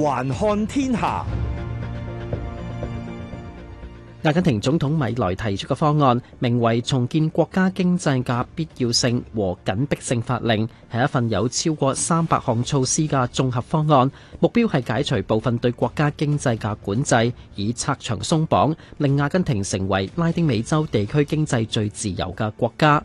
環看天下，阿根廷總統米萊提出嘅方案名為《重建國家經濟嘅必要性和緊迫性法令》，係一份有超過三百項措施嘅綜合方案。目標係解除部分對國家經濟嘅管制，以拆牆鬆綁，令阿根廷成為拉丁美洲地區經濟最自由嘅國家。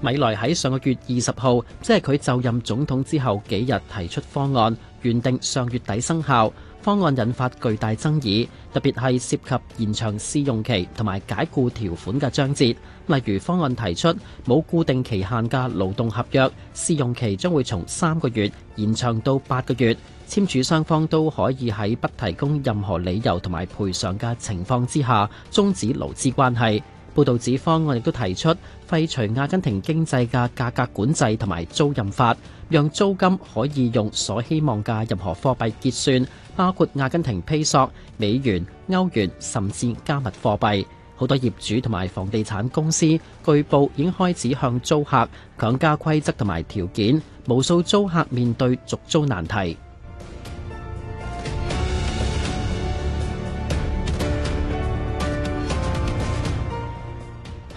米萊喺上個月二十號，即係佢就任總統之後幾日提出方案，原定上月底生效。方案引發巨大爭議，特別係涉及延長試用期同埋解雇條款嘅章節。例如，方案提出冇固定期限嘅勞動合約，試用期將會從三個月延長到八個月。簽署雙方都可以喺不提供任何理由同埋賠償嘅情況之下，終止勞資關係。報導指方案亦都提出廢除阿根廷經濟嘅價格管制同埋租賃法，讓租金可以用所希望嘅任何貨幣結算，包括阿根廷披索、美元、歐元甚至加密貨幣。好多業主同埋房地產公司據報已經開始向租客強加規則同埋條件，無數租客面對續租難題。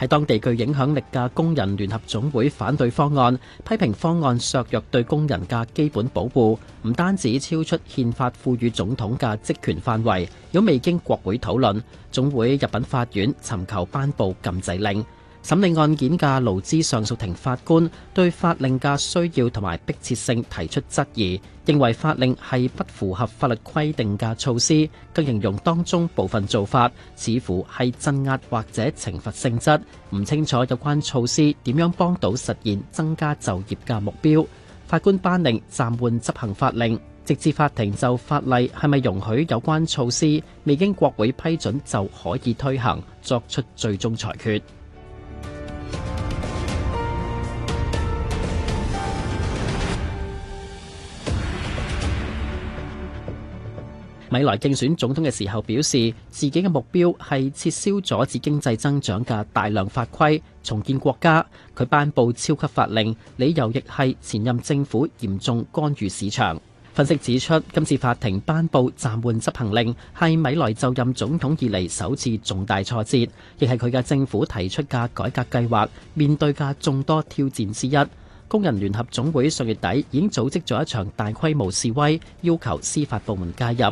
喺當地具影響力嘅工人聯合總會反對方案，批評方案削弱對工人嘅基本保護，唔單止超出憲法賦予總統嘅職權範圍，又未經國會討論，總會入禀法院尋求頒布禁制令。審理案件嘅勞資上訴庭法官對法令嘅需要同埋迫切性提出質疑，認為法令係不符合法律規定嘅措施，更形容當中部分做法似乎係鎮壓或者懲罰性質，唔清楚有關措施點樣幫到實現增加就業嘅目標。法官頒令暫緩執行法令，直至法庭就法例係咪容許有關措施，未經國會批准就可以推行，作出最終裁決。米萊競選總統嘅時候表示，自己嘅目標係撤銷阻止經濟增長嘅大量法規，重建國家。佢頒布超級法令，理由亦係前任政府嚴重干預市場。分析指出，今次法庭頒布暫緩執行令，係米萊就任總統以嚟首次重大挫折，亦係佢嘅政府提出嘅改革計劃，面對嘅眾多挑戰之一。工人聯合總會上月底已經組織咗一場大規模示威，要求司法部門介入。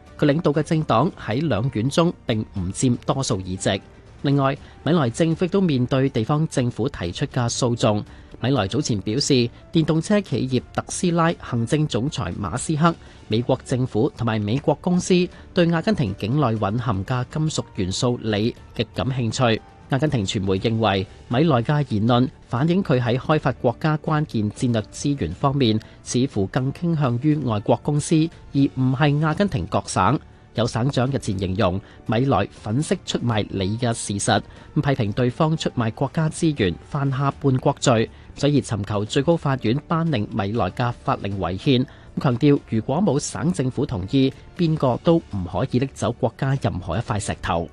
佢領導嘅政黨喺兩院中並唔佔多數議席。另外，米萊政府都面對地方政府提出嘅訴訟。米萊早前表示，電動車企業特斯拉行政總裁馬斯克、美國政府同埋美國公司對阿根廷境內蘊含嘅金屬元素鋰極感興趣。阿根廷傳媒認為，米萊加言論反映佢喺開發國家關鍵戰略資源方面，似乎更傾向於外國公司，而唔係阿根廷各省。有省長日前形容米萊粉飾出賣你嘅事實，批評對方出賣國家資源，犯下叛國罪，所以尋求最高法院頒令米萊加法令違憲。咁強調，如果冇省政府同意，邊個都唔可以拎走國家任何一塊石頭。